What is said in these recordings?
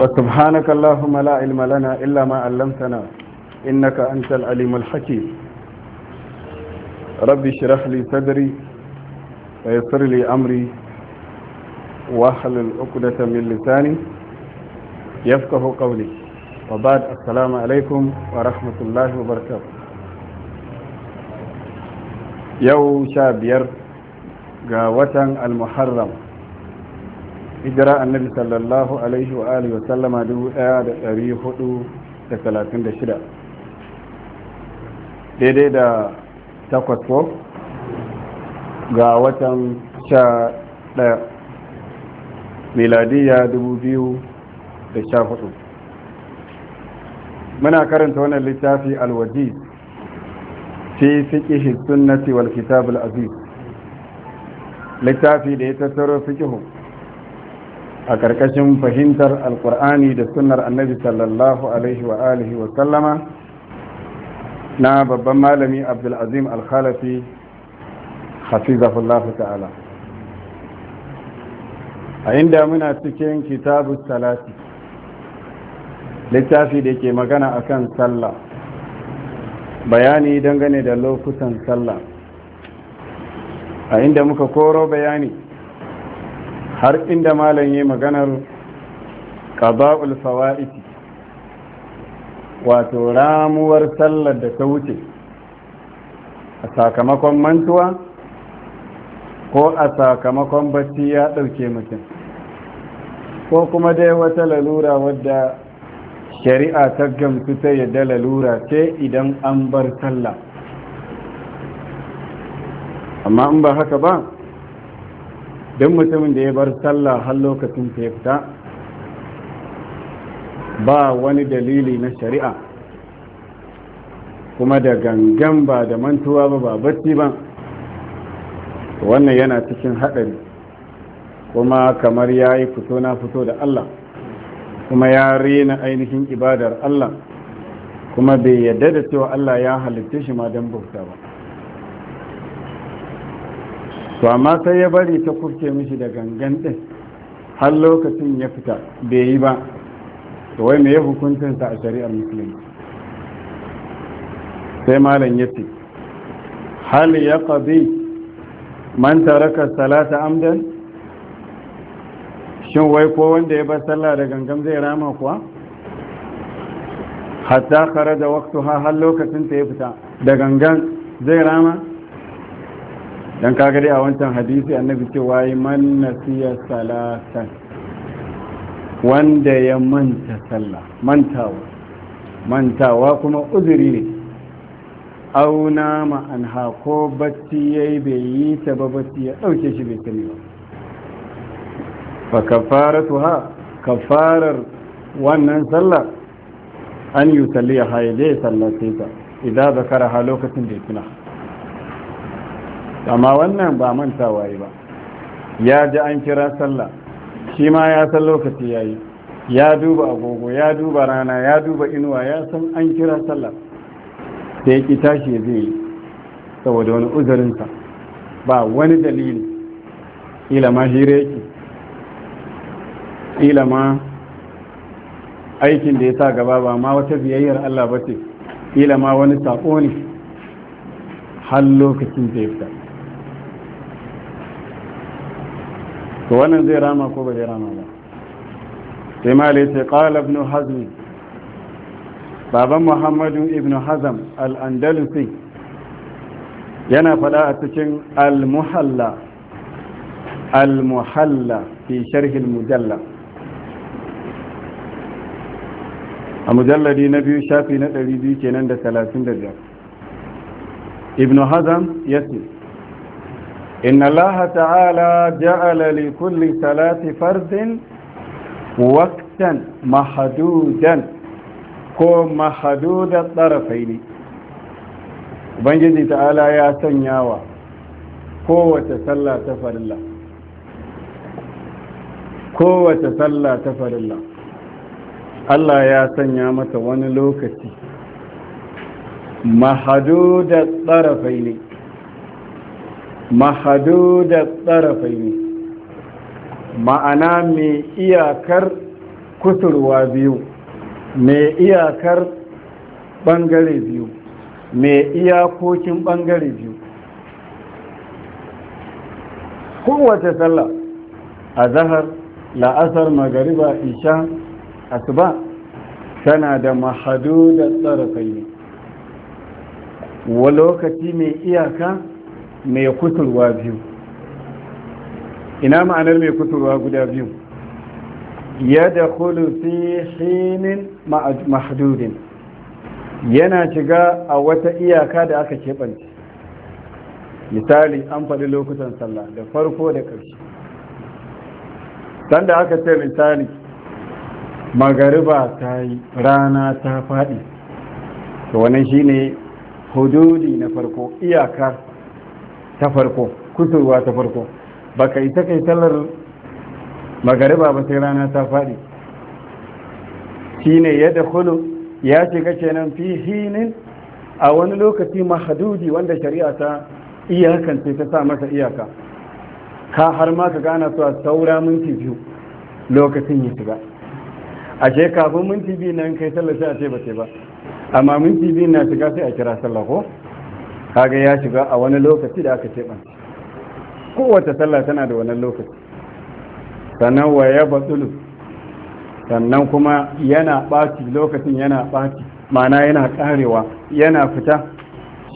فسبحانك اللهم لا علم لنا إلا ما علمتنا إنك أنت العليم الحكيم ربي شرح لي صدري ويسر لي أمري واحلل عقدة من لساني يفقه قولي وبعد السلام عليكم ورحمة الله وبركاته يو شابير ga watan al-muharram hijira annabi sallallahu alaihi wa alihi wa sallama shida, daidai da takwas ko ga watan sha ɗaya dubu biyu da sha hudu. muna karanta wannan littafi alwaji fi fiƙihi sunnati wal kitab aziz littafi da ya tattaro fiƙihu a ƙarƙashin fahimtar alƙur'ani da sunnar annabi sallallahu alaihi wa alihi wa sallama na babban malami abdulazim alkhalafi hafizahullahu ta'ala a inda muna cikin kitabu salati littafi da ke magana akan sallah bayani dangane da lokutan sallah a inda muka koro bayani har inda malam yi maganar qada'ul fawa'iti wato ramuwar sallar da ta wuce a sakamakon mantuwa ko a sakamakon bacci ya ɗauke mutum ko kuma dai wata lalura wadda shari'a ta gamsu ta yadda lalura ce idan an bar sallah amma in ba haka ba don mutumin da ya bar sallah har lokacin ta fita ba wani dalili na shari'a kuma da gangan ba da mantuwa ba ba bacci ba wannan yana cikin haɗari kuma kamar ya yi fito na fito da allah kuma ya rena ainihin ibadar allah kuma bai yadda da cewa allah ya halitta shi ma don bauta ba to amma sai ya bari ta kufce mishi da gangan din har lokacin ya fita bai yi ba to wai me ya hukuncinsa a shari'ar musulmi sai malam ya ce hal ya qadi man taraka salata amdan shin wai ko wanda ya bar sallah da gangan zai rama kuwa hatta kharaja ha har lokacin ta ya fita da gangan zai rama don kaga dai a wancan hadisi annabi cewa yi man nasiya salatan wanda ya manta sallah mantawa mantawa kuma uzuri ne auna ma'anha ko bacci ya yi bai yi ta ba bacci ya ɗauke shi bai sani ba fa kafara ha kafarar wannan sallar an yi salli ya haye da ya ta idan zakara ha lokacin da ya tuna amma wannan ba mantawa yi ba ya ji an kira sallah shi ma ya san lokaci ya yi ya duba agogo ya duba rana ya duba inuwa ya san an kira sallah da ya ki tashi zai yi saboda wani uzurinsa ba wani dalili ilama hira yake ilama aikin da ya sa gaba ba ma wata biyayyar Allah ba ce ilama wani saƙo ne har lokacin da ya fita to wannan zai rama ko ba zai rama ba sai malai sai qala ibn hazm baban muhammadu ibn hazm al-andalusi yana faɗa a cikin al-muhalla al-muhalla fi sharh mujalla a mujalladi na biyu shafi na 200 kenan da 35 ibn hazm yace إن ta'ala تعالى جعل لكل ثلاث فرد وقتا محدودا ko mahadudar ɗarafai ne ubangiji ta ala ya sanya kowace sallah ta farilla kowace sallah ta farilla allah ya sanya mata wani lokaci mahadudar ɗarafai ne mahadudar tsarafai ne ma'ana mai iyakar kusurwa biyu mai iyakar ɓangare biyu mai iyakokin ɓangare biyu kowace sallah a zahar la'asar magariba isha asuba tana da mahadudar tsarafai ne wa lokaci mai iyaka mai kuturwa biyu ina ma'anar mai kuturwa guda biyu ya da fi hinin mahdudin yana shiga a wata iyaka da aka keɓance misali an faɗi lokutan sallah da farko da ƙarshe sanda aka ce misali magariba ta yi rana ta faɗi to wannan shine hududi na farko iyaka ta farko kusurwa ta farko baka ita kai sallar magariba ba sai rana ta faɗi shine ya da hulu ya shiga kenan fi hinin a wani lokaci mahadudi wanda shari'a ta iyakan sai ta sa masa iyaka ka har ma ka gana su a saura minti biyu lokacin ya shiga a ce kafin minti biyu nan kai sallar a ce ba ce ba amma minti biyu na shiga sai a kira sallah ko kaga ya shiga a wani lokaci da aka keɓa kowace sallah tana da wannan lokaci sannan wa ya sannan kuma yana ɓaci lokacin yana ɓaci mana yana ƙarewa yana fita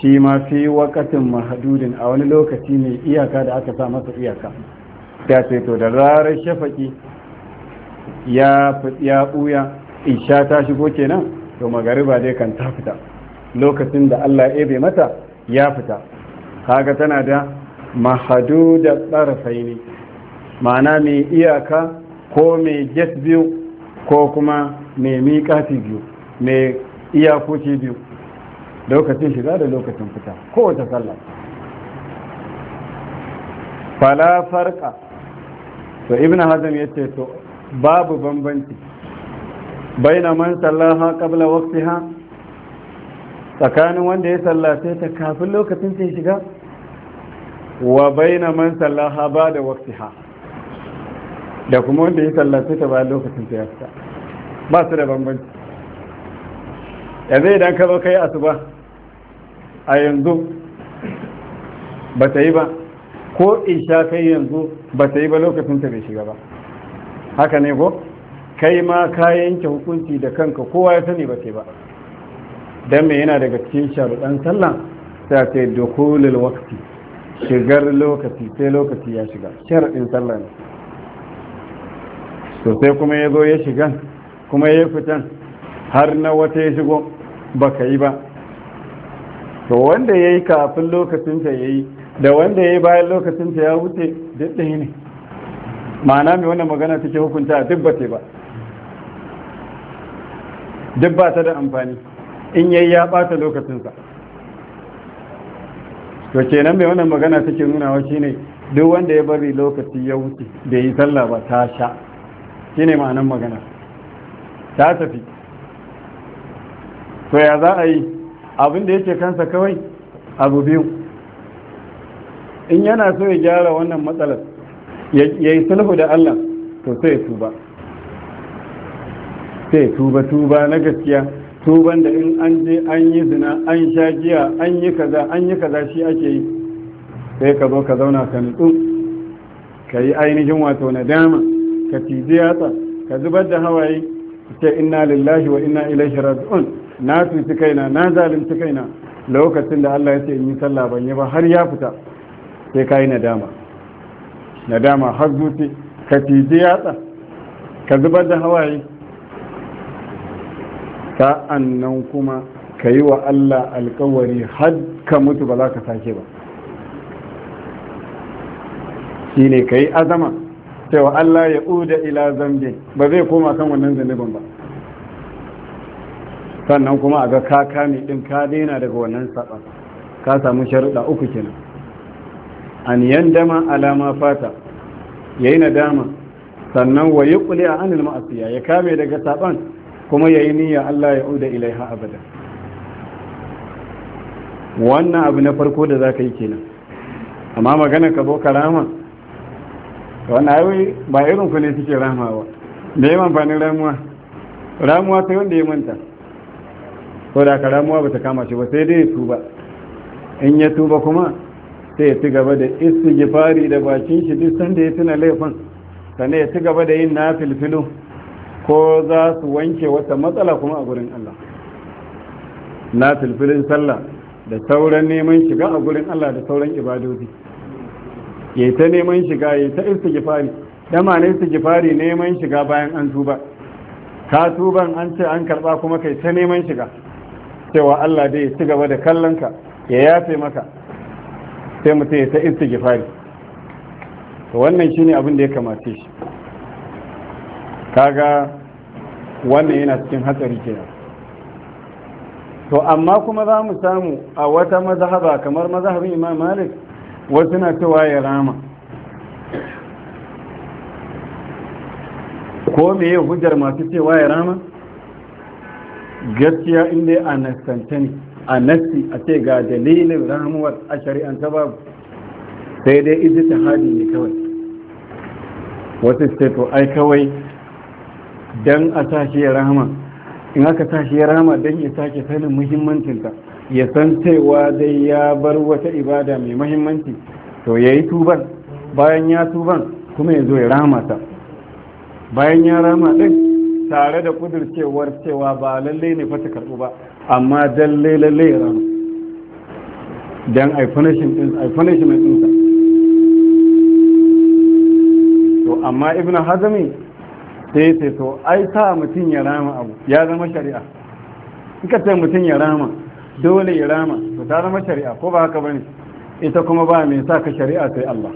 shi ma fi wakatin mahadudin a wani lokaci ne iyaka da aka sa masa iyaka ta ce to da rarar shafaki ya ya ɓuya isha ta shigo kenan to magariba dai kan ta fita lokacin da allah ya bai mata ya fita kaga tana da mahaduda tsarafai ne ma'ana mai iyaka ko mai get biyu ko kuma mai miƙati biyu mai iyakoki biyu lokacin shiga da lokacin fita kowace sallah fala farka to ibn hazm yace to babu bambanci baina man sallaha qabla waqtiha tsakanin wanda ya sallace ta kafin lokacin ta shiga wa baina man sallaha ba da waqtiha da kuma wanda ya sallace ta ba lokacin ta ya fita ba su da bambanci yanzu idan ka zo kai asuba a yanzu ba ta yi ba ko isha kai yanzu ba ta yi ba lokacin ta bai shiga ba haka ne ko kai ma ka yanke hukunci da kanka kowa ya sani ba ta yi ba dan me yana daga cikin sharuɗan sallah sai ce dukulul waqti shigar lokaci sai lokaci ya shiga sharuɗin sallah ne to sai kuma ya zo ya shiga kuma ya fitan har na wata ya shigo baka yi ba to wanda ya yi kafin lokacinta ya yi da wanda ya yi bayan lokacinta ya wuce duk ɗaya ne ma'ana mai wannan magana take hukunta duk ba ba duk ba ta da amfani in yayi ya bata lokacinsa to kenan mai wannan magana take nunawa shine duk wanda ya bari lokaci ya wuce da yi sallah ba ta sha shine ma'anan magana ta tafi to ya za a yi abin da yake kansa kawai abu biyu in yana so ya gyara wannan matsalar ya yi sulhu da Allah to sai tuba sai tuba tuba na gaskiya tuban da in an je an yi zina an sha giya an yi kaza an yi kaza shi ake yi sai ka zo ka zauna ka nutsu ka yi ainihin wato nadama ka tije yatsa ka zubar da hawaye ce inna lillahi wa inna ilaihi raji'un na tuci kaina na zalunci kaina lokacin da Allah ya ce in yi sallah ban yi ba har ya fita sai ka yi nadama nadama har zuci ka tije yatsa ka zubar da hawaye sa'an nan kuma ka yi wa Allah alkawari har ka mutu ba za ka sake ba shi ne ka yi azama cewa Allah ya uda ila zambe ba zai koma kan wannan zanibin ba sannan kuma a ga ka kame ɗin ka daina daga wannan saɓa ka samu sharuɗa uku kenan an dama alama fata ya yi nadama sannan wa yi ƙuli a anil ma'asiya ya kame daga saɓan kuma yayi niyya Allah ya uda ilaiha abada wannan abu na farko da zaka yi kenan amma magana ka zo karama wannan ai ba irin ku ne suke rama ba da yawan ramuwa ramuwa sai wanda ya manta ko da ka ramuwa ba ta kama shi ba sai dai ya tuba in ya tuba kuma sai ya ci gaba da istighfari da bakin shi duk sanda ya tuna laifin sannan ya ci gaba da yin nafilfilo ko za su wanke wata matsala kuma a gurin Allah na filfilin sallah da sauran neman shiga a gurin Allah da sauran ibadodi. ya ta neman shiga ya ta istighfari dama ne istighfari neman shiga bayan an tuba ka tuban an ce an karba kuma kai ta neman shiga cewa Allah dai ci gaba da kallon ka ya yafe maka sai mutum ya ta istighfari to wannan shine abin da ya kamace shi kaga wannan yana cikin hatsari ke to amma kuma za mu samu a wata mazhaba kamar mazhabin imam malik wasu na cewa ya rama ko me ya hujjar masu cewa ya rama gaskiya inda a nastantani a nasti a ce ga dalilin ramuwar a shari'anta babu sai dai izi ta hadi ne kawai wasu ce to ai kawai don a tashi ya rahama in aka tashi ya rahama don ya sake sanin muhimmancinta ya san cewa dai ya bar wata ibada mai muhimmanci to ya yi tuban bayan ya tuban kuma ya zo ya rahama ta bayan ya rama ɗin tare da kudircewar cewa ba lalle ne fata karɓu ba amma dan lalle ya rama don a punishment ɗinsa to amma ibn hazmi sai sai to ai sa mutum ya rama abu ya zama shari'a in ka ce mutum ya rama dole ya rama to ta zama shari'a ko ba haka bane ita kuma ba mai sa ka shari'a sai Allah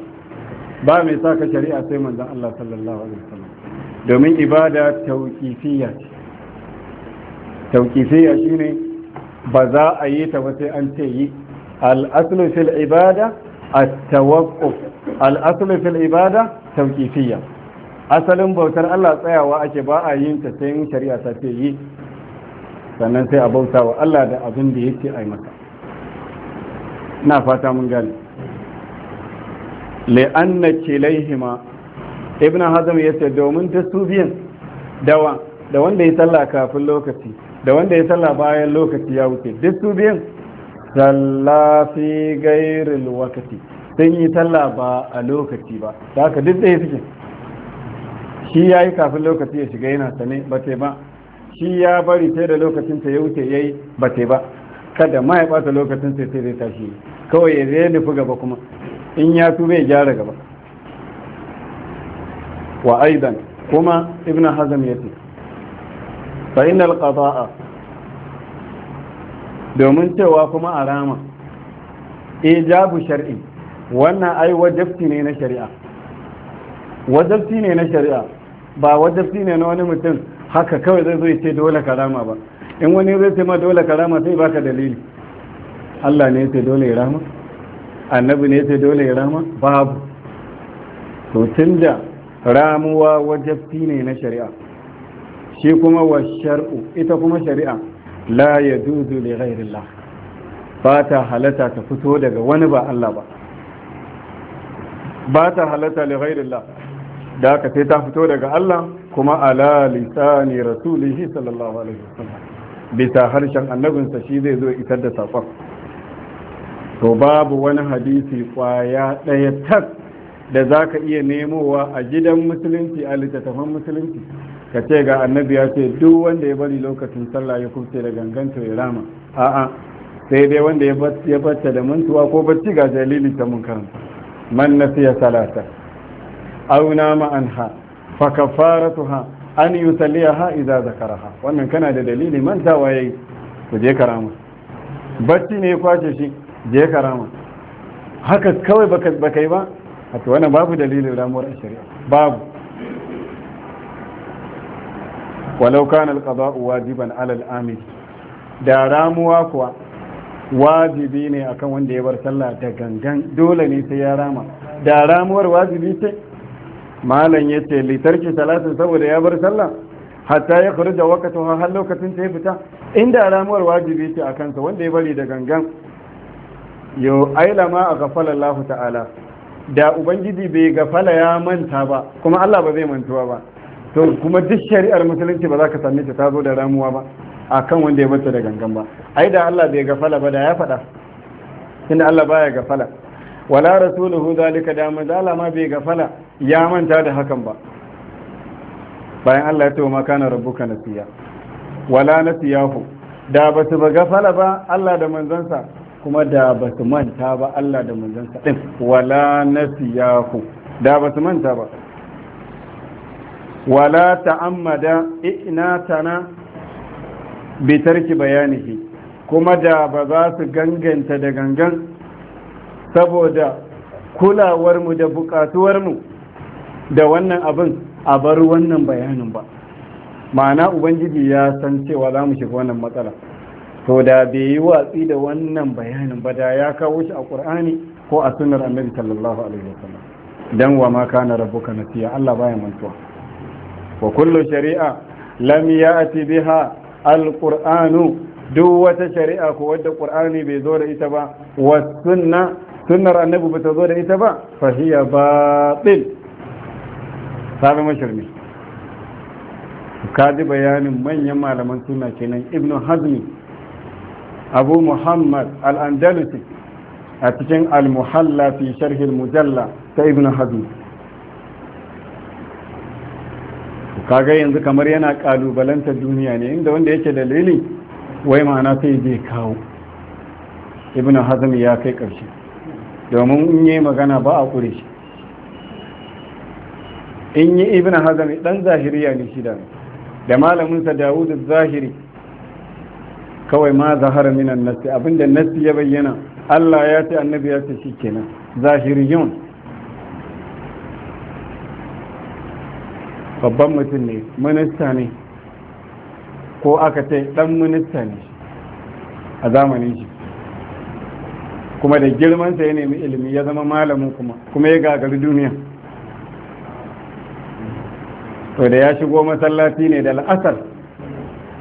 ba mai sa ka shari'a sai manzon Allah sallallahu alaihi wasallam domin ibada tauqifiyya tauqifiyya shine ba za a yi ta ba sai an ce yi al-aslu fil ibada at-tawaqquf al-aslu fil ibada tauqifiyya asalin bautar Allah tsayawa ake ba a yin ta sai shari'a ta ce yi sannan sai a bauta wa Allah da abin da yake ai maka. ina fata mun gane anna kilayhima ibn hazm yace domin ta su biyan dawa da wanda ya sallah kafin lokaci da wanda ya sallah bayan lokaci ya wuce duk su biyan sallah fi gairil wakati sun yi sallah ba a lokaci ba da haka duk da ya suke shi ya yi kafin lokaci ya shiga yana sane ba te ba shi ya bari sai da lokacin ta ya wuce ya yi ba te ba kada ma ya bata lokacin sai sai zai tashi kawai ya zai nufi gaba kuma in ya tu ya gyara gaba wa aidan kuma ibn hazam ya ce fa innal qada'a domin cewa kuma a rama ijabu shar'i wannan ai wajabti ne na shari'a wajabti ne na shari'a ba wajibi ne na wani mutum haka kawai zai zo ya ce dole karama ba in wani zai ce ma dole karama sai baka dalili Allah ne ya ce dole ya rama annabi ne ya ce dole ya rama babu to tunda ramuwa wajibi ne na shari'a shi kuma wa shar'u ita kuma shari'a la yajuzu li ghairillah ba ta halata ta fito daga wani ba Allah ba ba ta halata li ghairillah da aka sai ta fito daga Allah kuma ala lisani rasulihi sallallahu alaihi wasallam bisa harshen annabinsa shi zai zo isar da saƙon to babu wani hadisi kwaya ɗaya tak da za ka iya nemowa a gidan musulunci a littattafan musulunci ka ce ga annabi ya ce duk wanda ya bari lokacin sallah ya kubce da ganganta ya rama a'a sai dai wanda ya bacci da mantuwa ko bacci ga jalili ta mun karanta man nasiya salata أو نام عنها فكفارتها أن an إذا ذكرها وأن wannan هذا da من mantawa yayi كرامة je karama bacci ne kwace shi je karama haka kawai أنا baka دليل ba to wannan babu dalilin ramuwar واجبا babu walau da ramuwa kuwa wajibi ne akan wanda ya bar sallah da gangan dole ne sai ya rama da ramuwar wajibi ce malam ya ce litarki talatin saboda ya bar sallah hatta ya kharja waqtuha har lokacin ta ya fita inda ramuwar wajibi ce a kansa wanda ya bari da gangan yo aila ma a gafala Allah ta'ala da ubangiji bai gafala ya manta ba kuma Allah ba zai mantuwa ba to kuma duk shari'ar musulunci ba za ka same ta ta zo da ramuwa ba akan wanda ya bata da gangan ba ai da Allah bai gafala ba da ya faɗa tunda Allah baya gafala wala rasuluhu zalika da manzo Allah ma bai gafala ya manta da hakan ba bayan Allah ya tawo maka na rabbuka nasiya wala nasiyahu da ba su ba gafala ba Allah da manzansa kuma da ba su manta ba Allah da manzansa din wala nasiyahu da ba su manta ba wala ta'ammada tana bi tarki bayanihi kuma da ba za su ganganta da gangan saboda kulawarmu da bukatuwarmu da wannan abin a bar wannan bayanin ba ma'ana ubangiji ya san cewa za mu shiga wannan matsala to da bai yi watsi da wannan bayanin ba da ya kawo shi a ƙur'ani ko a sunar annabi sallallahu alaihi wasallam dan wa ma kana rabbuka nasiya Allah baya mantuwa wa kullu shari'a lam ya'ti biha alqur'anu duk wata shari'a ko wadda qur'ani bai zo da ita ba wa sunna sunnar annabi ba ta zo da ita ba fa hiya batil ta zama shirme ka ji bayanin manyan malaman suna kenan ibnu hazmi abu muhammad al a cikin al-muhalla fi sharhil mujalla ta ibnu hazmi kaga yanzu kamar yana kalubalanta duniya ne inda wanda yake dalili wai ma'ana sai zai kawo ibnu hazmi ya kai ƙarshe domin in yi magana ba a ƙure shi in yi ibn hazami dan zahiriya ne shi da da malaminsa dawud zahiri kawai ma zahara minan nasi abinda nasi ya bayyana allah ya ce annabi ya ce shi kenan zahiriyun babban mutum ne minista ne ko aka ce dan minista ne a zamanin shi kuma da girmansa ya nemi ilimi ya zama malamin kuma kuma ya gagari duniya to da ya shigo masallaci ne da la'asar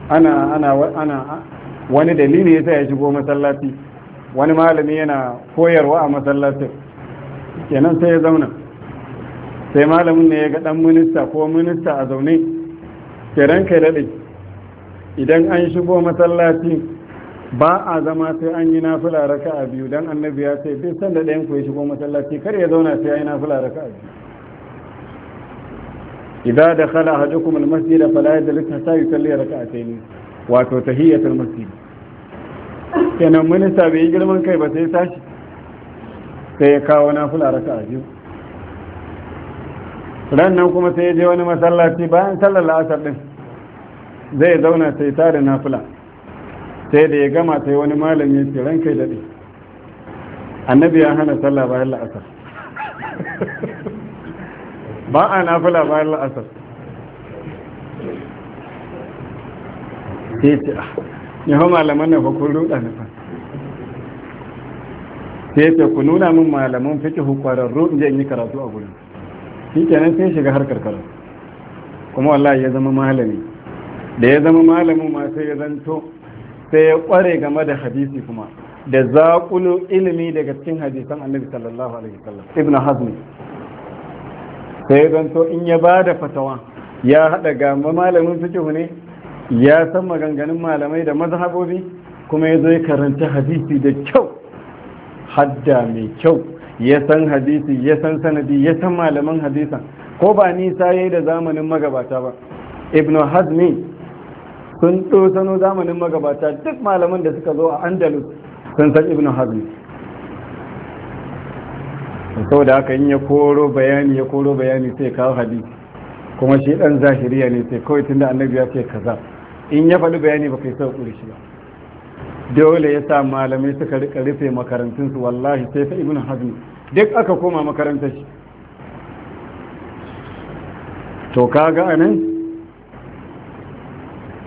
ana ana ana wani dalili yasa ya shigo masallaci wani malami yana koyarwa a masallacin kenan sai ya zauna sai malamin ne ya ga dan minista ko minista a zaune kiran kai daɗe idan an shigo masallaci ba a zama sai an yi nafila raka a biyu don annabi ya ce bai da ɗayan ku ya shigo masallaci kar ya zauna sai ya yi nafila raka a biyu idza dakhala ahadukum almasjid fala yadrik hatta yusalli rak'atayn wato tahiyatul masjid kenan minista bai yi girman kai ba sai tashi sai ya kawo nafila raka'a biyu rannan kuma sai ya je wani masallaci bayan sallar la'asar din zai zauna sai tare nafila sai da ya gama sai wani malami ce rankai daɗe annabi ya hana sallah bayan la'asar ba a nafila bayan la'asar sai ah, ya hau malaman na bakon ruɗa na fa sai ce ku nuna min malaman fiki hukwarar in je yi karatu a gurin shi kenan sai shiga harkar karatu kuma wallahi ya zama malami da ya zama malami ma sai ya zanto sai ya kware game da hadisi kuma da zaƙulu ilimi daga cikin hadisan annabi sallallahu alaihi wasallam ibn hazmi sai zanto in ya ba da fatawa ya haɗa ga malamin suke ne ya san maganganun malamai da mazhabobi kuma ya zo ya karanta hadisi da kyau hadda mai kyau ya san hadisi ya san sanadi ya san malaman hadisa ko ba nisa ya yi da zamanin magabata ba ibn hazmi sun sano zamanin magabata duk malaman da suka zo a andalus sun san ibn hazmi saboda haka in ya koro bayani ya koro bayani sai kawo hadisi kuma shi dan zahiriya ne sai kawai tunda annabi ya ce kaza in ya faɗi bayani ba kai sau kuri shi ba dole ya sa malamai suka rika rufe makarantun su wallahi sai fa ibnu hazmi duk aka koma makarantar shi to kaga anan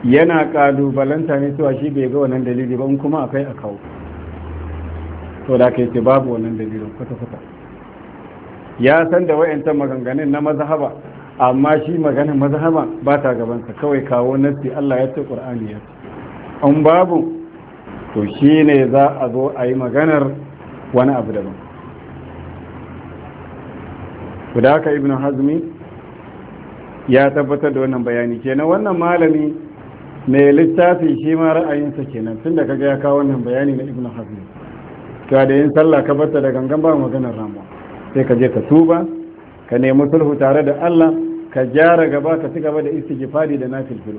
yana kalubalanta ne cewa shi bai ga wannan dalili ba in kuma akai a kawo to da kai ce babu wannan dalilin kwata-kwata ya san da wayanta maganganun na mazhaba amma shi maganin mazhaba ba ta gabansa kawai kawo nasi Allah ya ce Qur'ani ya an babu to shine za a zo a yi maganar wani abu daban da ka ibn hazmi ya tabbatar da wannan bayani kenan wannan malami mai littafi shi ma ra'ayinsa kenan tun da kaga ya kawo wannan bayani na ibn hazmi to da yin sallah ka bata da gangan ba maganar ramuwa sai ka je ka tuba ka nemi sulhu tare da Allah ka gyara gaba ka ci gaba da istighfari da nafilfilu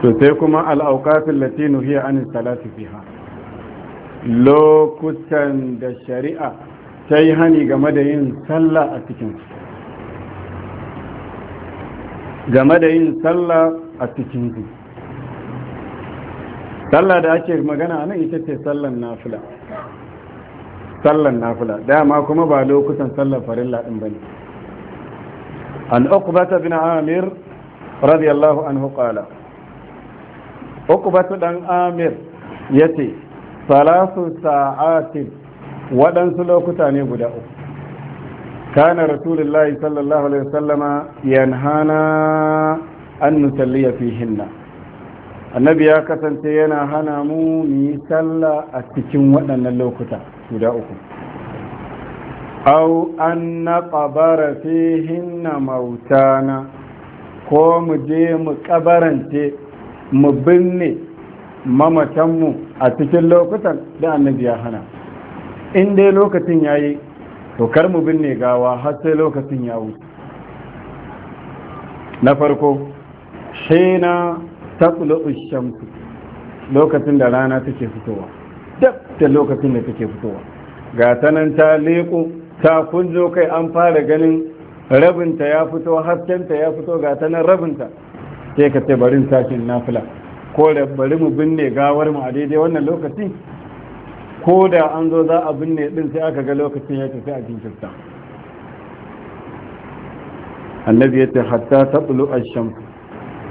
to sai kuma al'auƙafin latinu nuhiya an salati fiha lokutan da shari'a ta yi hani game da yin sallah a cikin game da yin sallah a cikin sallah da ake magana nan ita ce sallan nafila sallan nafila dama kuma ba lokutan sallar farilla din bane an uqbata bin amir radiyallahu anhu qala uqbata dan amir yace salasu sa'atin waɗansu lokuta ne guda uku kana rasulullahi sallallahu alaihi wasallama yanhana an nusalliya fihinna annabi ya kasance yana hana mu mu yi sallah a cikin waɗannan lokuta guda uku au an na ƙabara hinna mautana ko mu je mu ƙabarance mu binne mamatanmu a cikin lokutan da annabi ya hana in dai lokacin ya yi to kar mu binne gawa har sai lokacin ya wuce na farko shi na taqlu shamsu lokacin da rana take fitowa duk da lokacin da take fitowa ga ta nan ta leko ta kunzo kai an fara ganin rabinta ya fito haskenta ya fito ga ta nan rabinta sai ka ce barin sakin nafila ko da bari mu binne gawar mu a daidai wannan lokaci, ko da an zo za a binne din sai aka ga lokacin ya tafi a jinkirta annabi ya ce hatta ta bulu shamsu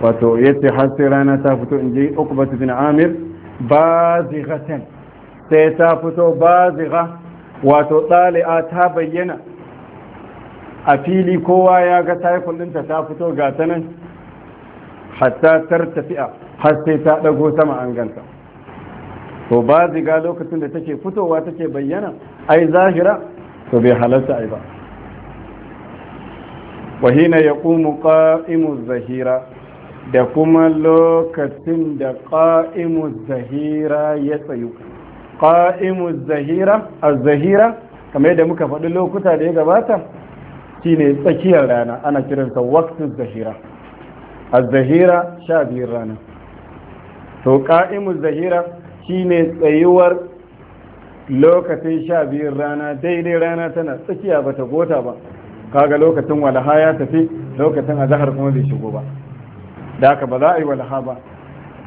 wato yace har sai rana ta fito in ji ukbatu bin amir bazighatan sai ta fito bazigha wato tsali'a ta bayyana a fili kowa ya ga taifin ɗinta ta fito ga ta nan hatta tar tafiya har sai ta ɗago sama an ganta to ba ziga lokacin da take fitowa take bayyana ai zahira to bai halarta ai ba wahina ya ƙumu ƙa'imu zahira da kuma lokacin da ƙa'imu zahira ya tsayu ƙa'imu zahira a zahira kamar yadda muka faɗi lokuta da ya gabata shine tsakiyar rana ana kiransa waktun zahira a zahira sha biyun rana to ƙa'imu zahira shine tsayuwar lokacin sha biyun rana daidai rana tana tsakiya bata gota ba kaga lokacin walaha ya tafi lokacin azahar kuma bai shigo ba da haka ba za a yi walha ba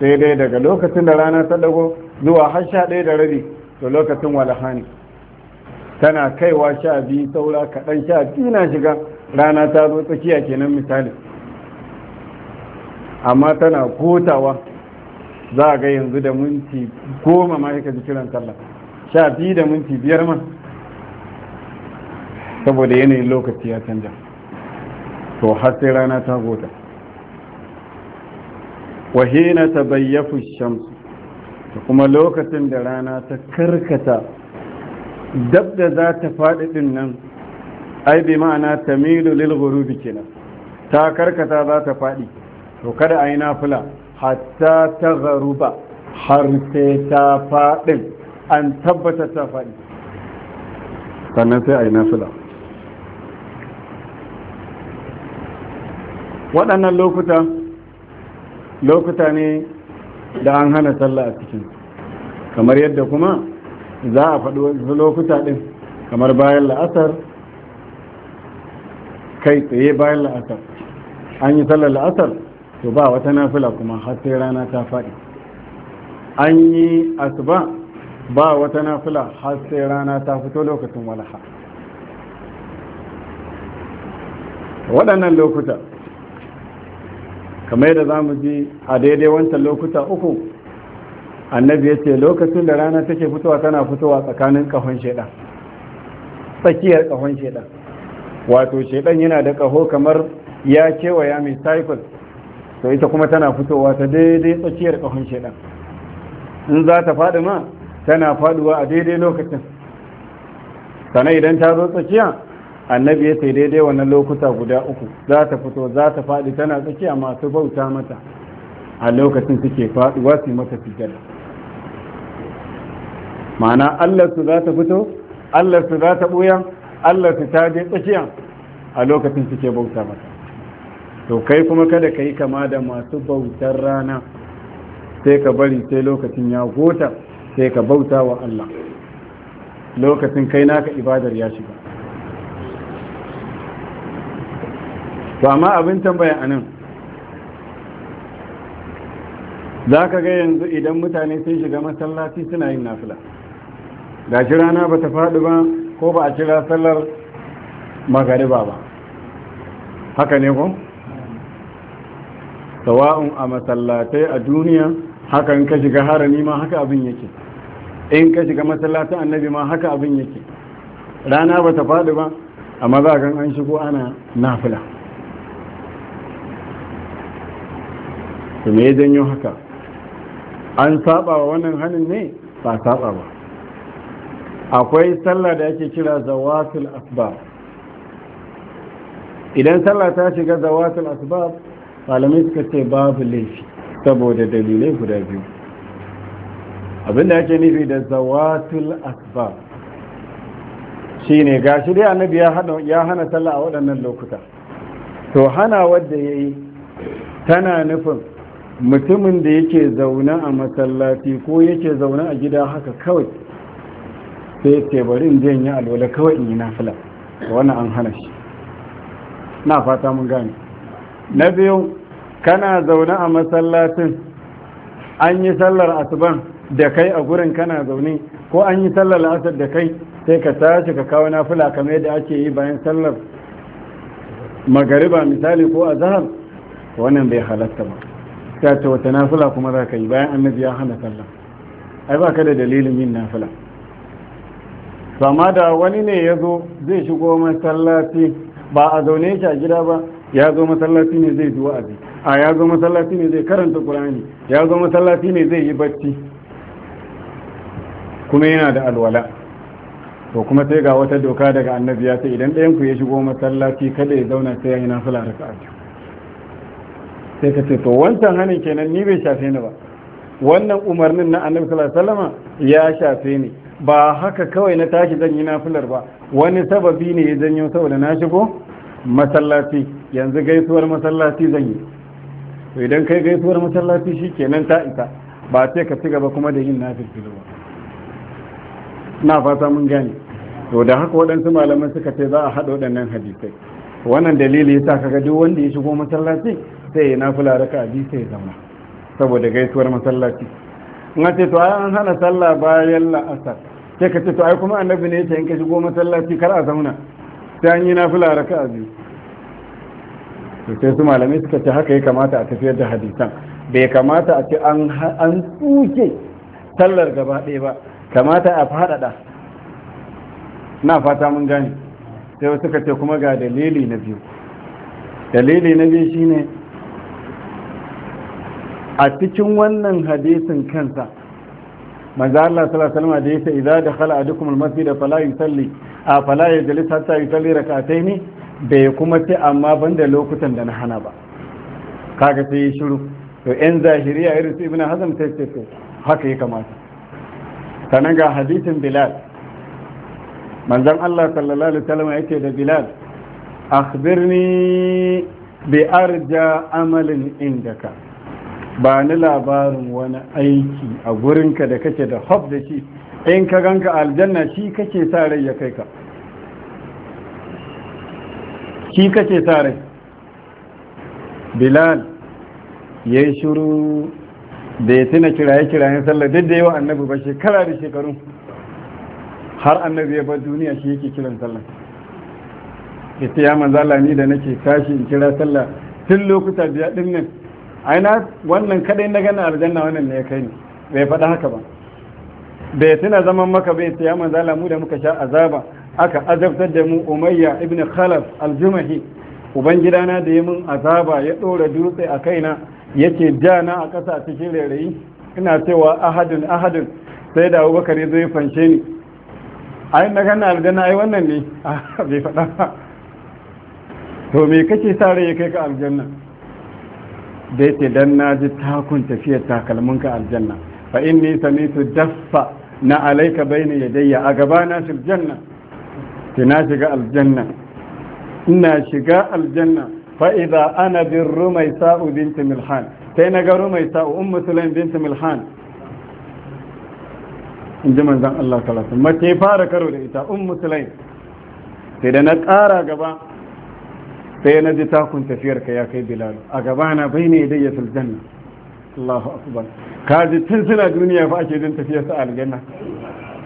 daidai daga lokacin da rana ta dago zuwa har sha ɗaya da rabi to lokacin walha ne tana kaiwa sha biyu saura kaɗan sha biyu na shiga rana ta zo tsakiya kenan misali amma tana kotawa za a ga yanzu da minti goma ma ka ji kiran sallah sha biyu da minti biyar ma saboda yanayin lokaci ya canja to har sai rana ta gota wahina ta bayyafu shamsu da kuma lokacin da rana ta karkata dab da za ta faɗi ɗin nan ai bi ma'ana ta milu lilgurubi kenan ta karkata za ta faɗi to kada a yi nafula hatta ta garuba har sai ta faɗin an tabbata ta faɗi sannan sai a yi nafula waɗannan lokuta lokuta ne da an hana sallah a cikin kamar yadda kuma za a faɗi wasu lokuta ɗin kamar bayan la'asar kai tsaye bayan la'asar an yi sallar la'asar to ba wata nafila kuma har sai rana ta faɗi an yi asuba ba wata nafila har sai rana ta fito lokacin walaha waɗannan lokuta kamar da za mu ji a daidai wancan lokuta uku annabi ya ce lokacin da rana take fitowa tana fitowa tsakanin kahon tsakiyar kahon wato shaidan yana da kaho kamar ya kewaya mai cycle to ita kuma tana fitowa ta daidai tsakiyar kahon shaidan in za ta faɗi ma tana faɗuwa a daidai lokacin sannan idan ta zo tsakiya annabi ya sai daidai wannan lokuta guda uku za ta fito za ta faɗi tana tsakiya masu bauta mata a lokacin suke faɗuwa su mata sujada ma'ana allah su za ta fito allah su za ta ɓuya allah su ta je tsakiya a lokacin suke bauta mata to kai kuma kada ka yi kama da masu bautar rana sai ka bari sai lokacin ya gota sai ka bauta wa allah lokacin kai naka ibadar ya shiga to amma abin tambaya a nan za ka ga yanzu idan mutane sun shiga masallaci suna yin nafila ga shi rana ba ta faɗi ba ko ba a cira sallar magariba ba haka ne ko? sawa'un a masallatai a duniya haka in ka shiga harami ma haka abin yake in ka shiga masallatan annabi ma haka abin yake rana ba ta faɗi ba amma za gan an shigo ana nafila to me ya janyo haka an saba wa wannan hannun ne ba saba ba akwai sallah da ake kira zawatul asbab idan sallah ta shiga zawatul asbab malamai suka ce babu laifi saboda dalilai guda biyu abinda ake nufi da zawatul asbab shine shi dai annabi ya hana sallah a waɗannan lokuta to hana wadda yi tana nufin mutumin da yake zaune a masallaci ko yake zaune a gida haka kawai sai ce bari in je yi alwala kawai in yi nafila wannan an hana shi na fata mun gane na biyu kana zaune a masallacin an yi sallar asuban da kai a gurin kana zaune ko an yi sallar asar da kai sai ka tashi ka kawo nafila kamar yadda ake yi bayan sallar magariba misali ko a zahar wannan bai halatta ba ta wata nafila kuma za ka yi bayan annabi ya hana sallah ai ba ka da dalilin yin nafila sama da wani ne ya zo zai shigo masallaci ba a zaune shi a gida ba ya zo masallaci ne zai zuwa abi a ya zo masallaci ne zai karanta qur'ani ya zo masallaci ne zai yi bacci kuma yana da alwala to kuma sai ga wata doka daga annabi ya ce idan ɗayan ku ya shigo masallaci kada ya zauna sai ya yi nafila raka'a sai ka ce to wancan hanin kenan ni bai shafe ni ba wannan umarnin na annabi sallallahu alaihi wasallam ya shafe ni ba haka kawai na tashi zan yi nafilar ba wani sababi ne ya janyo saboda na shigo masallaci yanzu gaisuwar masallaci zan yi to idan kai gaisuwar masallaci shikenan ta isa ba sai ka ci gaba kuma da yin nafilu ba na fata mun gane to da haka waɗansu malaman suka ce za a haɗa waɗannan hadisai wannan dalili yasa kaga duk wanda ya shigo masallaci sai ya nafila raka biyu sai ya zauna saboda gaisuwar masallaci in ce to ai an hana sallah bayan la'asar sai ka ce to ai kuma annabi ne yace in ka shigo masallaci kar a zauna sai an yi nafila raka biyu to sai su malamai suka ce haka ya kamata a tafiyar da hadisan bai kamata a ce an tsuke sallar gaba ɗaya ba kamata a faɗaɗa na fata mun gane sai suka ce kuma ga dalili na biyu dalili na biyu shine a cikin wannan hadisin kansa manzo Allah sallallahu alaihi wasallam da yace idza dakhala ahadukum almasjid fala yusalli a fala yajlis hatta yusalli rak'ataini bai kuma ce amma banda lokutan da na hana ba kaga sai ya shiru to yan zahiriya irin su ibnu hazm sai ce to haka ya kamata sanan ga hadisin bilal manzon Allah sallallahu alaihi wasallam yake da bilal akhbirni bi arja amalin indaka ba ni labarin wani aiki a gurinka da kake da hof da shi in ka ganka aljanna shi kake sa rai ya kai ka shi kake sa rai bilal ya yi shuru da ya tuna kiraye-kirayen sallah duk da yawa annabi ba shekara da shekaru har annabi ya bar duniya shi yake kiran sallah ita ya manzala ni da nake kashi in kira sallah tun lokuta biya din nan aina wannan kadai na gani aljanna wannan ne ya kai ni bai faɗa haka ba bai tuna zaman maka bai ce ya manzala mu da muka sha azaba aka azabtar da mu umayya ibn khalaf aljumahi ubangidana da ya min azaba ya ɗora dutse a kaina yake na a ƙasa cikin rairayi ina cewa ahadun ahadun sai da abubakar ya ni ai na gana aljanna ai wannan ne bai faɗa to me kake sa rai ya kai ka aljanna da ce dan na ji takun tafiyar takalminka aljanna fa inni samitu daffa na alaika bayni yadayya a gabana fil janna ki na shiga aljanna ina shiga aljanna fa idza ana bir rumaysa bint milhan sai na ga rumaysa um sulaim bint milhan in ji manzon Allah sallallahu alaihi wasallam mace fara karo da ita um sulaim sai da na ƙara gaba sai na ji takun tafiyar ka ya kai bilal a gabana bai ne dai ya suljanna Allahu akbar ka ji tun suna duniya fa ake jin tafiyar sa aljanna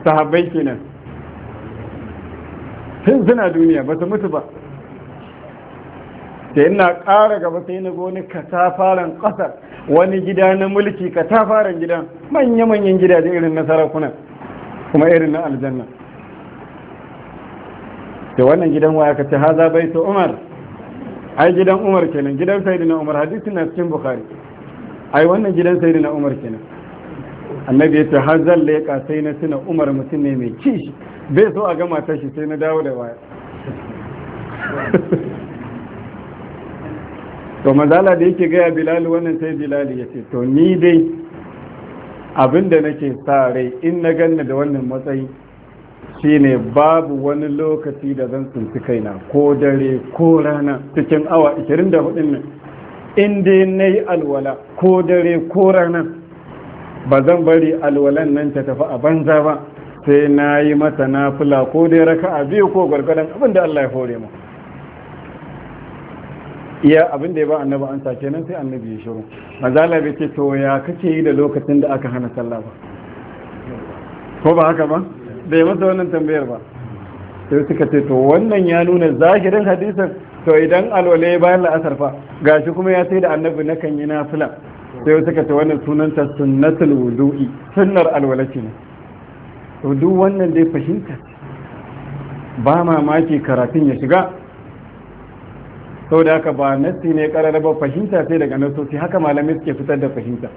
sahabbai kenan tun suna duniya ba su mutu ba sai ina ƙara gaba sai na goni katafaren ƙasar wani gida na mulki katafaren gidan manya-manyan gidaje irin na sarakuna kuma irin na aljanna da wannan gidan waya ka ce haza bai umar ai gidan umar kenan gidan sayyidina umar hadisin na cikin bukhari ai wannan gidan sayyidina umar kenan annabi ya ce har zan leƙa sai na tuna umar mutum ne mai kishi bai so a gama tashi sai na dawo da baya to mazala da yake gaya bilal wannan sai bilal ya ce to ni dai abinda nake sa rai in na ganna da wannan matsayi shine babu wani lokaci da zan tsinci kaina ko dare ko rana cikin awa 24 nan in dai na yi alwala ko dare ko rana ba zan bari alwalan nan ta tafi a banza ba sai na yi mata nafila ko dai raka a biyu ko gwargwadon abin Allah ya hore mu iya abin da ya ba annabi an sake nan sai annabi ya shiru mazala bai ce to ya kake yi da lokacin da aka hana sallah ba ko ba haka ba bai masa wannan tambayar ba sai suka ce to wannan ya nuna zahirin hadisan to idan alwale bayan la'asar fa gashi kuma ya sai da annabi na kan yi na fila. sai suka ce wannan sunanta sunnatul wudu'i sunnar alwala ce ne to duk wannan dai fahimta ba mamaki karatun ya shiga saboda haka ba nassi ne karara ba fahimta sai daga nassosi haka malamai suke fitar da fahimta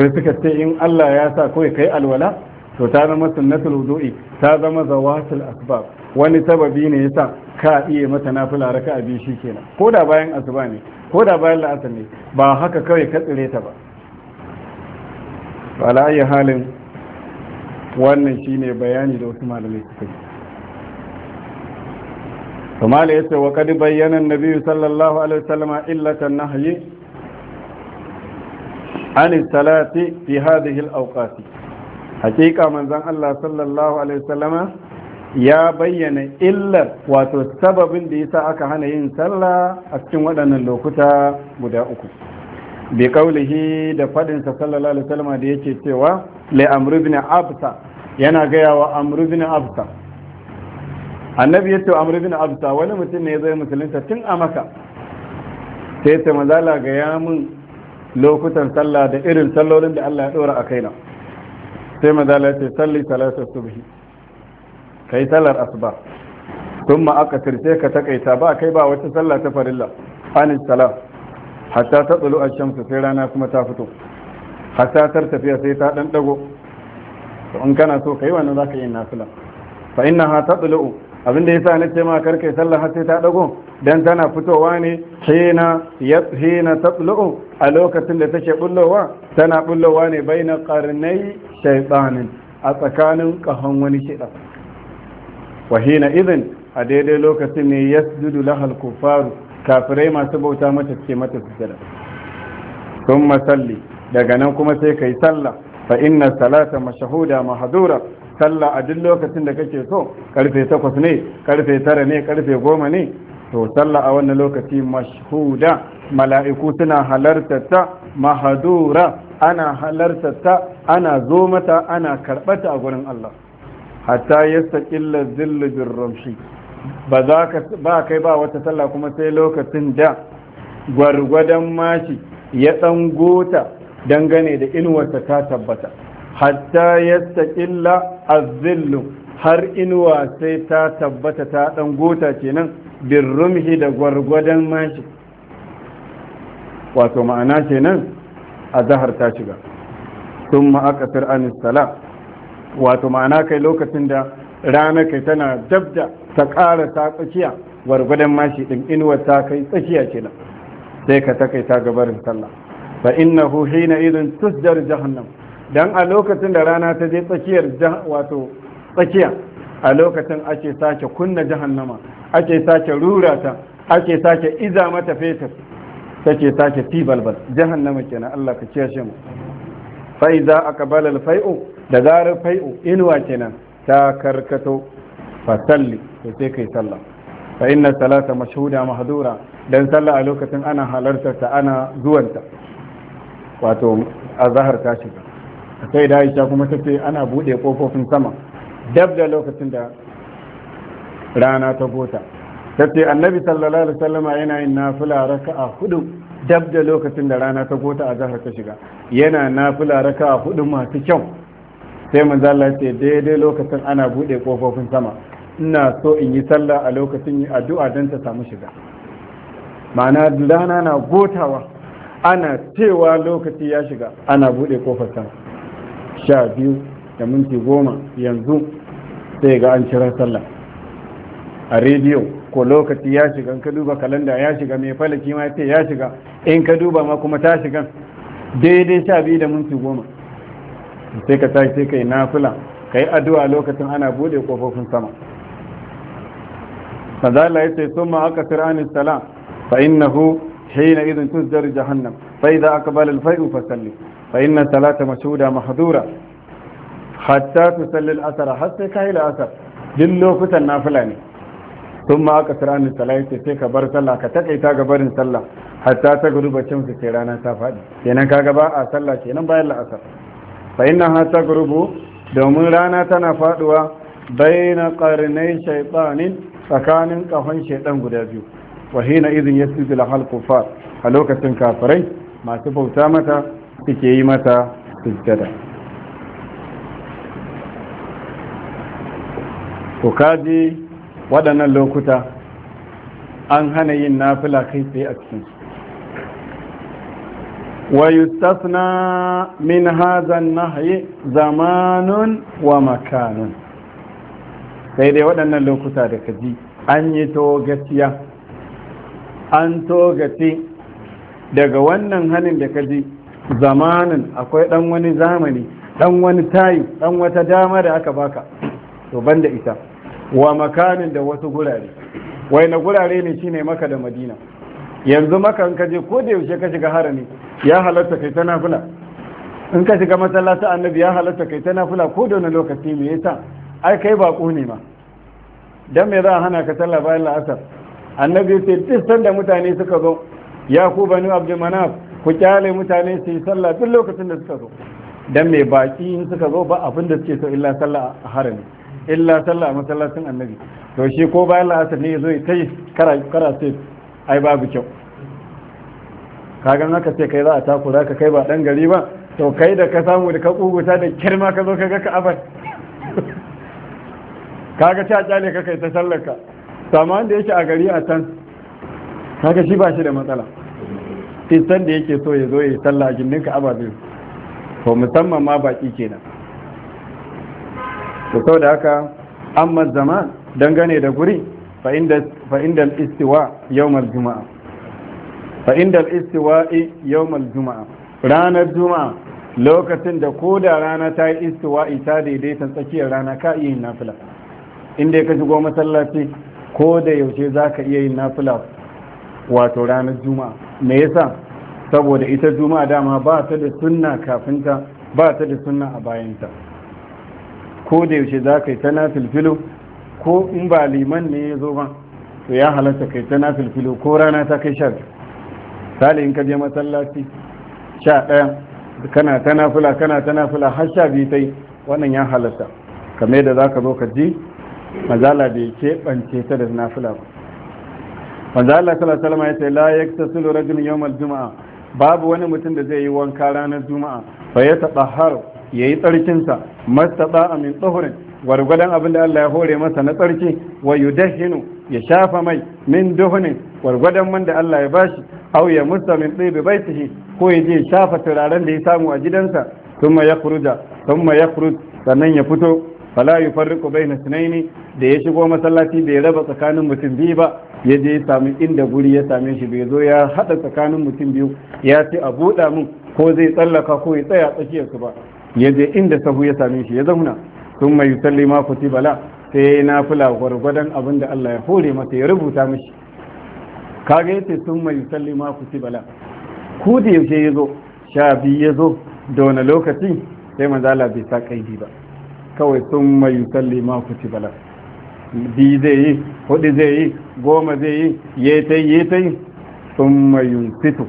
sai suka ce in Allah ya sa kawai kai alwala to ta zama sunnatul wudu'i ta zama zawatul asbab wani sababi ne yasa ka iya mata nafila raka'a biyu shikenan ko da bayan asuba ne ko da bayan la'asar ne ba haka kawai ka tsire ta ba ala ayi halin wannan shine bayani da wasu malamai suka yi to ya ce wa kad bayyana annabi sallallahu alaihi wasallam illatan nahyi an salati fi hadhihi al-awqati hakika manzon Allah sallallahu alaihi wasallama ya bayyana illar wato sababin da yasa aka hana yin sallah a cikin waɗannan lokuta guda uku bi kaulihi da fadin sallallahu alaihi wasallama da yake cewa li amru ibn absa yana gaya wa amr ibn absa annabi ya yace amr ibn absa wani mutum ne zai musulunta tun a maka sai ta mazala ga yamin lokutan sallah da irin sallolin da Allah ya dora a kaina sai mazala ce salli salatar subhi ka yi sallar asuba sun aka sai ka takaita ba kai ba wata sallah ta farilla anis salam hatta ta tsulu a shamsu sai rana kuma ta fito hatta ta tafiya sai ta dan dago to in kana so kai wannan zaka yi nafila fa innaha tatlu abinda yasa na ce ma karkai sallah har sai ta dago dan tana fitowa ne hina hina tatlu'u a lokacin da take bullowa tana bullowa ne baina qarnai shaytanin a tsakanin kahon wani shida wa hina izin? a daidai lokacin ne yasjudu lahal kufaru kafirai masu bauta mata ce mata sujada sun masalli daga nan kuma sai kai sallah fa inna salata mashahuda mahdura sallah a duk lokacin da kake so karfe takwas ne karfe tara ne karfe goma ne to sallah a wannan lokaci mashhuda mala'iku suna halartarta mahadura ana halartarta ana zo mata ana karɓata a gurin Allah hatta yastaqilla zillu birramshi ba za ka ba kai ba wata sallah kuma sai lokacin da gwargwadon mashi ya dan gota dangane da inuwarsa ta tabbata hatta yastaqilla az-zillu har inuwa sai ta tabbata ta dan gota kenan rumhi da gwargwadon mashi wato ma'ana kenan a zahar ta shiga sun ma'akasar anisala wato ma'ana kai lokacin da rana kai tana dabda ta ƙara ta tsakiya gwargwadon mashi ɗin inuwar ta kai tsakiya kenan sai ka ta kai ta gabarin sallah fa innahu hina idan tusdar jahannam don a lokacin da rana ta je tsakiyar wato tsakiya a lokacin ake sake kunna jahannama ake sake rura ta ake sake iza mata fetur take sake fi jahannama kenan Allah ka kiyashe mu fa iza aqbala al fai'u da zarar fai'u inwa kenan ta karkato fa salli to sai kai sallah fa inna salata mashhuda mahdura dan sallah a lokacin ana halartar ta ana zuwanta wato azhar ta shiga sai da aisha kuma ta ce ana buɗe ƙofofin sama dab da lokacin da rana ta gota ta ce annabi sallallahu alaihi wasallama yana yin nafila raka'a hudu dab da lokacin da rana ta gota a zahar ta shiga yana nafila a hudu masu kyau sai manzo Allah ce daidai lokacin ana buɗe kofofin sama ina so in yi sallah a lokacin yi addu'a don ta samu shiga ma'ana rana na gotawa ana cewa lokaci ya shiga ana buɗe ƙofar sama sha biyu da minti goma yanzu sai ga an cirar sallah a rediyo ko lokaci ya shiga in ka duba kalanda ya shiga mai falaki ma ce ya shiga in ka duba ma kuma ta shiga daidai sha biyu da minti goma sai ka tashi sai ka yi nafila ka yi addu'a lokacin ana bude kofofin sama fadala ya ce sun aka ni salam fa innahu hina idin tusdar jahannam fa idza aqbala al fa salli فإن الصلاة مشهودة محظورة حتى تصلي الأثر حتى كاي الأثر دلو فتن نافلاني ثم أكثر عن الصلاة تسيك بر صلاة كتكي تاكا بر صلاة حتى تقرب الشمس كيرانا تافادي ينكا قباء صلاة ينن باي الأثر فإنها تغرب domin rana tana faduwa bai na ƙarnai shaiɓanin tsakanin ƙahon shaiɗan guda biyu wahina izin ya sujula halkufar a lokacin kafirai suke yi masa sujjada to kaji waɗannan lokuta an hana yin nafila kai sai a cikin wa yustasna min hazan na haye zamanun wa makanun sai dai waɗannan lokuta da ji, an yi to an to daga wannan hanin da kaji zamanin akwai dan wani zamani dan wani tayi dan wata dama da aka baka to banda ita wa makanin da wasu gurare wai na gurare ne shine maka da madina yanzu maka in ka je ko da yaushe ka shiga harami ya halatta kai ta nafila in ka shiga masallacin annabi ya halatta kai ta nafila ko da wani lokaci me yasa ai kai bako ne ma dan me za a hana ka sallah bayan la'asar annabi ya ce duk sanda mutane suka zo ya ku banu abdul manaf ku kyale mutane su yi sallah duk lokacin da suka zo dan mai baki in suka zo ba abin da suke so illa sallah a harami illa sallah a masallacin annabi to shi ko bayan la'asar ne zo ta yi kara sai ai babu kyau kagan haka sai kai za a za ka kai ba dan gari ba to kai da ka samu da ka kuguta da kirma ka zo ka ga ka'abar kaga ta kyale ka kai ta sallar ka da yake a gari a can kaga shi ba shi da matsala sai san da yake so ya zo ya talla a gindin ababe to musamman ma baki kenan to sau da haka amma zaman dangane da guri fa inda istiwa yawmal juma'a fa inda istiwa yawmal juma'a ranar juma'a lokacin da ko da rana ta yi istiwa'i ta daidaita tsakiyar rana ka iya yin nafila inda ka shigo masallaci ko da yaushe za ka iya yin nafila wato ranar juma'a me yasa saboda ita juma'a dama ba ta da sunna kafinta ba ta da sunna a bayanta ko da yaushe za ka yi ta nafilfilo ko in ba liman ne ya zo ba to ya halarta kai ta nafilfilo ko rana ta kai sha biyu sali in ka je masallaci sha ɗaya kana ta nafila kana ta nafila har sha biyu ta yi wannan ya halatta kamar da za ka zo ka ji mazala bai keɓance ta da nafila ba manzo Allah sallallahu alaihi wasallam yace la yaktasilu rajulun yawmal juma'a babu wani mutum da zai yi wanka ranar juma'a fa ya tatahhar yayi tsarkin sa mastata min tsohurin gwargwadon abin da Allah ya hore masa na tsarki wa yudahinu ya shafa mai min duhunin gwargwadon man da Allah ya bashi au ya musta min tsibi baitihi ko ya je shafa turaren da ya samu a gidansa thumma yakhruja thumma yakhruj sannan ya fito fala yufarriqu baina sunaini da ya shigo masallaci bai raba tsakanin mutum biyu ba ya je sami inda guri ya same shi bai zo ya haɗa tsakanin mutum biyu ya ce a buɗa min ko zai tsallaka ko ya tsaya tsakiyar su ba ya je inda sahu ya same shi ya zauna sun mai yusalli ma kuti bala sai na fula gwargwadon abin da Allah ya hore masa ya rubuta mishi kaga yace sun mai yusalli ma kuti bala ku da yaushe ya zo sha biyu ya zo da wani lokaci sai manzala bai sa kaidi ba kawai sun mai yusalli ma kuti bala biyu zai yi hudu zai yi goma zai yi yetai yetai sun mayun fito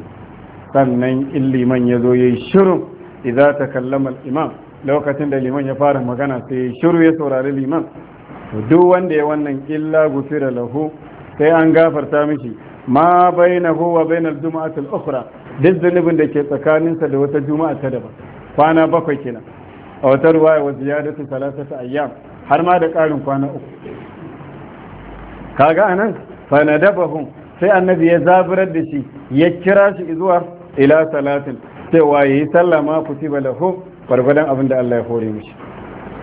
sannan in liman ya zo ya yi shiru. idan ta kallama imam lokacin da liman ya fara magana sai ya shiru ya saurari liman duk wanda ya wannan illa gufira lahu sai an gafarta mishi ma baina huwa baina al-jum'ati ukhra duk zunubin da ke tsakaninsa da wata juma'a ta daban kwana bakwai kenan a wata ruwa ya ruwaya ya salasa ta ayyam har ma da karin kwana uku kaga anan fa nadabahum sai annabi ya zaburar da shi ya kira shi zuwa ila salatin cewa yayi sallah ma kutiba lahu farfadan abin da Allah ya hore mishi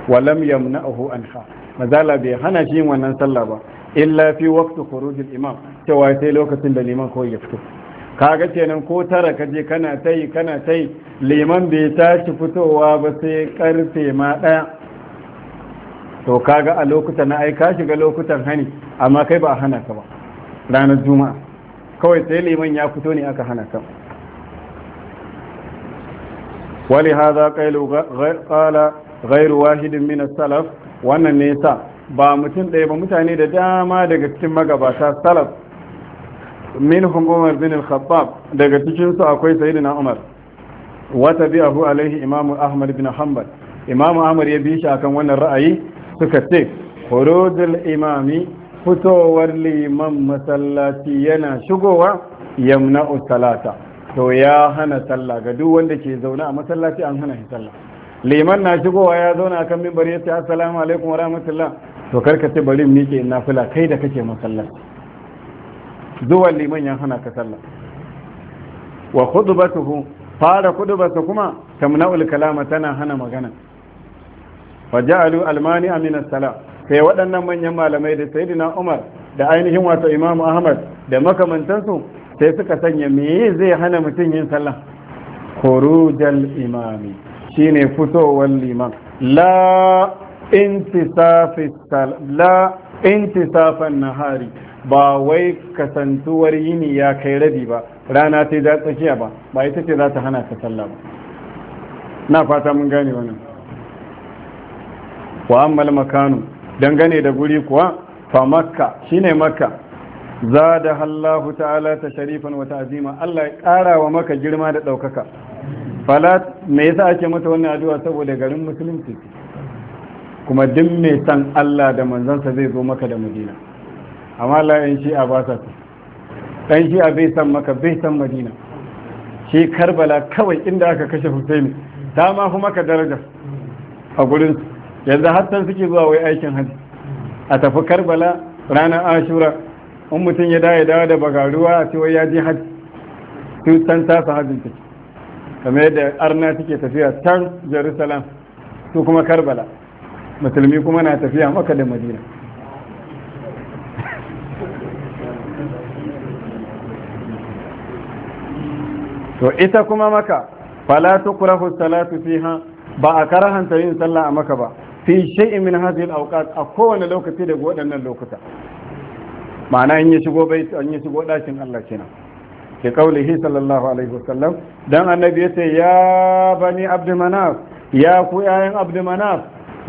walam yamna'uhu anha mazala bai hana shi yin wannan sallah ba illa fi waqti khurujil imam cewa sai lokacin da liman kawai ya fito kaga kenan ko tara ka je kana tai kana tai liman bai tashi fitowa ba sai karfe ma daya to kaga a lokutan na ai ka shiga lokutan hani amma kai ba a hana ka ba ranar juma'a kawai sai liman ya fito ne aka hana ka ولهذا قال غير واحد min salaf wannan ne sa ba mutum ɗaya ba mutane da dama daga cikin magabata salaf min Umar bin al-Khattab daga cikin su akwai Sayyidina Umar wa tabi'ahu alaihi Imam Ahmad bin Hanbal Imam Ahmad ya bi shi akan wannan ra'ayi suka ce khurujul imami fitowar liman masallaci yana shigowa yamna salata to ya hana sallah ga duk wanda ke zauna a masallaci an hana shi sallah liman na shigowa ya zauna kan mimbar ya ce assalamu alaikum wa rahmatullah to karka ce bari miƙe ina fila kai da kake masallaci Zuwa liman ya hana ka sallah wa khudbatuhu fara khudbatu kuma tamna'ul kalama tana hana magana fa almani amina sala sai waɗannan manyan malamai da sayyidina umar da ainihin wato imam ahmad da makamantansu sai suka sanya me zai hana mutum yin sallah khurujal imami shine fitowar liman la intisafi la intisafan nahari ba wai kasantuwar yini ya kai rabi ba rana sai za tsakiya ba ba ita ce za ta hana ka sallah ba na fata mun gane wannan wa amma makanu dangane da guri kuwa fa makka shine makka zada Allahu ta'ala ta sharifan wa ta'zima Allah ya ƙara wa maka girma da ɗaukaka falat me yasa ake mata wannan addu'a saboda garin musulunci kuma duk mai san Allah da manzansa zai zo maka da Madina amma la yan a basa, sa dan a bai san maka bai san Madina shi Karbala kawai inda aka kashe Husaini ta ma fi maka daraja a gurin yanzu hassan suke zuwa wai aikin hajji a tafi karbala ranar ashura in mutum ya dawo dawo da bagaruwa a cewa ya je hajji su san tasa hajjin take kamar yadda arna suke tafiya can jerusalem su kuma karbala musulmi kuma na tafiya maka da madina to ita kuma maka fala tukrahu salatu fiha ba a karahanta yin sallah a maka ba fi shay'in min hadhihi al-awqat a kowane lokaci daga waɗannan lokuta ma'ana in ya shigo bai an ya shigo dakin Allah kenan ke kaulihi sallallahu alaihi wasallam dan annabi yace ya bani abd manaf ya ku yayan abd manaf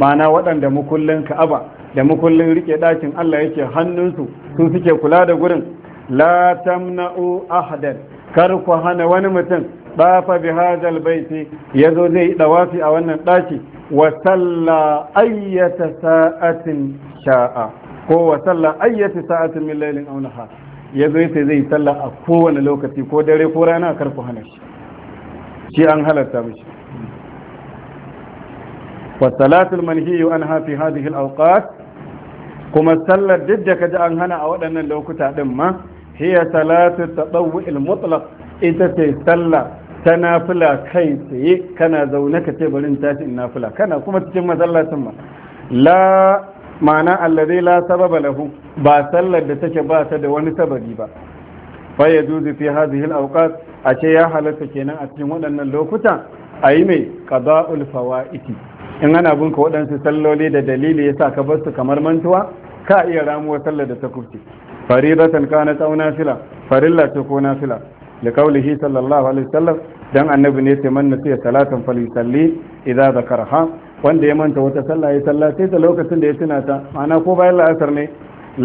ma'ana waɗanda mukullin ka'aba da mukullin rike dakin Allah yake hannunsu su suke kula da gurin la tamna'u ahadan kar ku hana wani mutum dafa bi hadal baiti yazo zai yi dawafi a wannan daki wa salla ayyata sa'atin sha'a ko wa salla ayyata sa'atin min lailin aw nahar yazo sai zai salla a kowane lokaci ko dare ko rana kar ku hana shi shi an halarta mishi wa salatul manhiyu anha fi hadhihi al-awqat kuma sallar duk da kaji an hana a waɗannan lokuta ɗin ma hiya salatu tadawwu al-mutlaq ita ce sallar. ta nafila kai tsaye kana zaune ka ce barin tashi in nafila kana kuma cikin masallacin ma la ma'ana allazi la sababa lahu ba sallar da take ba ta da wani sababi ba fa yajuzu fi hadhihi al-awqat a ce ya halatta kenan a cikin waɗannan lokuta a yi mai qada'ul fawaiti in ana binka waɗansu salloli da dalili yasa ka bar su kamar mantuwa ka iya ramuwa sallar da ta kufce faridatan kana tsauna fila farilla ce ko nafila da kaulihi sallallahu alaihi wasallam dan annabi ne sai man nasiya salatan falisalli idza zakarha wanda ya manta wata sallah ya sallah sai ta lokacin da ya tuna ta ma'ana ko bayan la'asar ne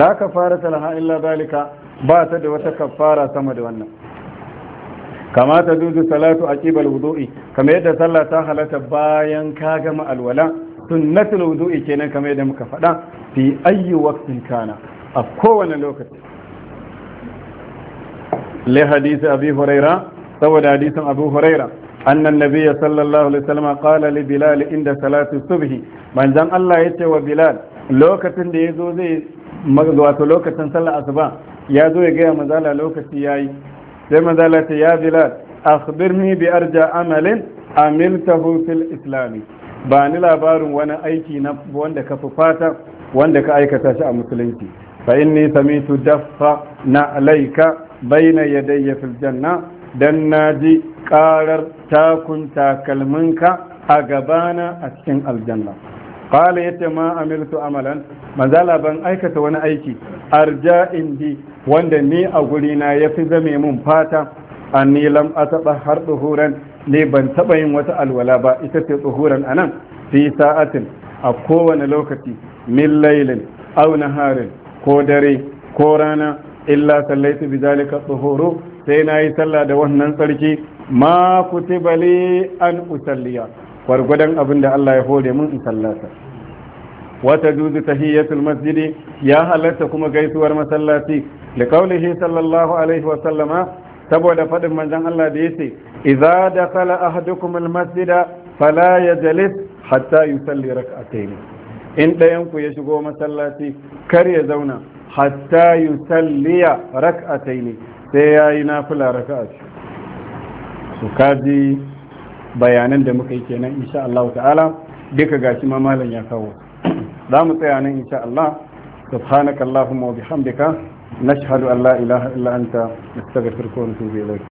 la kafara laha illa zalika ba ta da wata kafara sama da wannan kama ta dudu salatu aqibal wudu'i kamar yadda sallah ta halarta bayan ka gama alwala sunnatul wudu'i kenan kamar yadda muka faɗa fi ayyi waqtin kana a kowane lokaci li hadisi abi huraira saboda hadisin abu huraira annan nabiyya sallallahu alaihi wasallam qala li bilal inda salati subhi manzan Allah yace wa bilal lokacin da yazo zai wato lokacin sallar asuba ya zo ya gaya mazala lokaci yayi sai mazala ta ya bilal akhbirni bi arja amalin amiltahu fil islami ba ni labarin wani aiki na wanda ka fi fata wanda ka aikata shi a musulunci fa inni samitu daffa na alaika baina yadayya fil janna dan naji karar takun takalminka a gabana a cikin aljanna qala yata ma amiltu amalan manzala ban aikata wani aiki arja indi wanda ni a guri na yafi zame mun fata anni lam ataba har duhuran ne ban taba yin wata alwala ba ita ce duhuran anan fi sa'atin a kowane lokaci min laylin aw naharin ko dare ko rana illa sallaitu bi zalika tuhuru sai na yi sallah da wannan tsarki ma kutiba li an usalliya gwargwadon abin da Allah ya hore mun in sallata wata juzu tahiyatul masjidi ya halatta kuma gaisuwar masallaci da kaulihi sallallahu alaihi wa sallama saboda faɗin manzon Allah da yace idza dakhala ahadukum al masjida fala yajlis hatta yusalli rak'atayn in ɗayan ku ya shigo masallaci kar ya zauna hatta rakatai ne sai yayi nafila raka'a su kaji bayanan da muka yi kenan insha Allah ta'ala duka gashi ma malam ya kawo za mu tsaya nan insha Allah subhanakallahumma wa bihamdika nashhadu an la ilaha illa anta nastaghfiruka wa natubu ilayk